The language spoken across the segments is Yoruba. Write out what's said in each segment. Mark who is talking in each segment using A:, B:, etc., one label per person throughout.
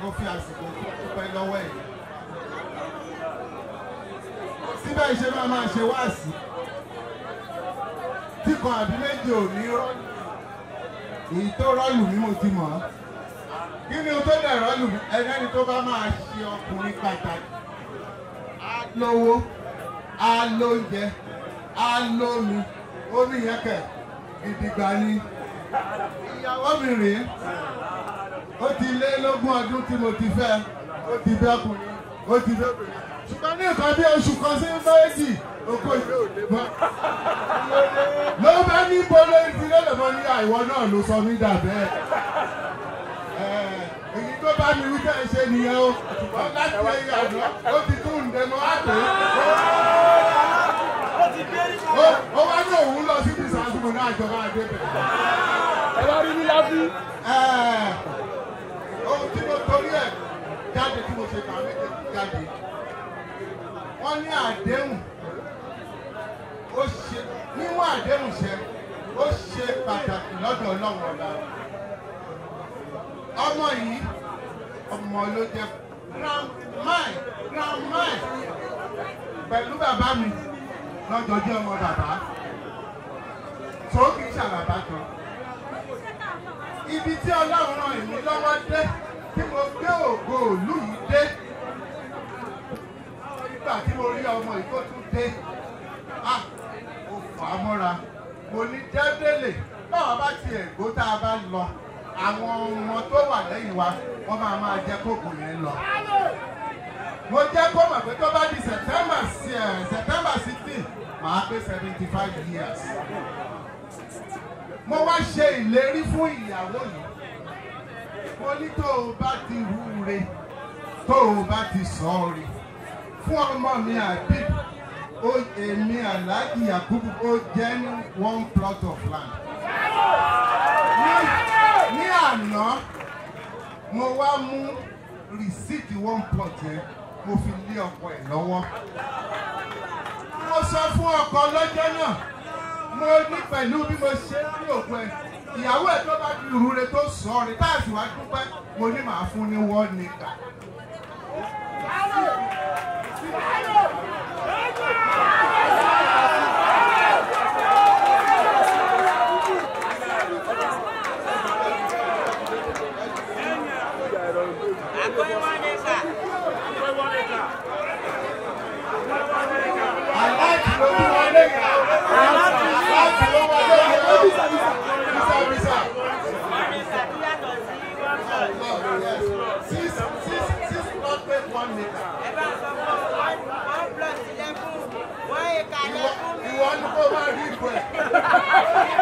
A: mo fi àsìkò pẹ́ lọ́wọ́ ẹ̀ síbẹ̀ ṣe máa máa ṣe wáàsí tí kan àbí méje ò ní rọ́ọ̀lù èyí tó rọ́ọ̀lù ni mo ti mọ̀ ọ́ kí ni o tó dẹ̀ rọ́ọ̀lù ẹlẹ́ni tó bá máa ṣe ọkùnrin pàtàkì á lówó á lóúnjẹ á lómi omi yẹn kẹ̀ ìdìgbà ni ìyàwó mi rèé ó ti lé lógún ọdún tí mo ti fẹ́ ó ti bẹ́kùnrin ó ti bẹ́kùnrin ṣùgbọ́n ní nǹkan bí oṣù kan sí méjì oko ìwé ló bá ní bọ́lá ti lọ́lọ́mọ ní àìwọ náà ló sọ mí dà bẹ́ẹ̀ èyí tó bá mi wí ẹ ṣe nìyẹn o ṣùgbọ́n láti ẹ̀yà àná ó ti tún ǹdẹ́mọ́ àpè òun náà jọba àdébẹ̀. ẹ bá rí ní lábí. ohun tí mo torí ẹ̀ jáde tí mo ṣe kà mí jáde wọ́n ní àdéhùn ó ṣe níwọ̀n àdéhùn ṣe ó ṣe pàtàkì lọ́dọ̀ ọlọ́run ọ̀la ọmọ yìí ọmọ ló jẹ grandmai grandmai pẹ̀lú bàbá mi lọ́jọ́ jẹ́ ọmọ bàbá tó kì í ṣàlàbà kan. Ibi tí Ọlọ́run ràn mí lọ́wọ́ dé tí mo gbé ògo òlú yìí dé. Nígbà tí mo rí ọmọ yìí tó tún dé, a ò fà á mọ́ra. Mo ní dẹ́dẹ́lẹ̀ báwa bá ti ẹ̀gbó tá a bá lọ. Àwọn ọmọ tó wà lẹ́yìn wa, wọ́n máa máa jẹ́ kókò yẹn lọ. Mo jẹ́ kó mọ̀ pé tó bá di September eh, sixteen, màá pé seventy five years ìlérí fún ìyàwó yìí mo ní tó o bá ti wúre tó o bá ti sọ̀ọ́re fún ọmọ mi àbíb èmi aláàjì Yakubu ó jẹ́ ní one plot of land ní àná mo wá mú rìsíìtì one plot yẹn mo fi lé ọkọ ẹ̀ lọ́wọ́ mo sọ fún ọkọ lọ́jọ́ náà mo ní pẹ̀lú bí mo ṣe ní òkú ẹ ìyàwó ẹ tó bá di ìrúre tó sọ ọ rẹ táàsì wá dúpẹ́ mo ní màá fún ní wọ́n nígbà. one meter. ẹ bá sọ fún one one plus eleven one acre eleven mi. ìwọ ni kò máa rí ìbò ẹ.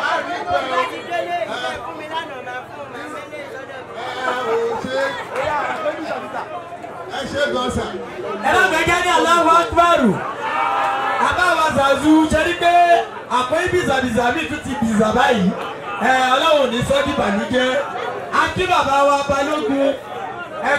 A: máa rí ìbò ẹ o. láti délé ìṣe fún mi lánàá máa fún mi mẹ́lẹ̀ lọ́dọ̀ mi. Eh, ẹ ṣe gan sa. ẹ lọ́ọ́ gbẹ́jẹ́ ní aláwọ̀ akpárù àbáwá zazu ṣẹ́ni pé àpò ibi zàbìzàbì tún ti bìzà báyìí eh, ọlọ́run ní sọ́ọ́ dìbànújẹ́ akí bàbá wa balógun.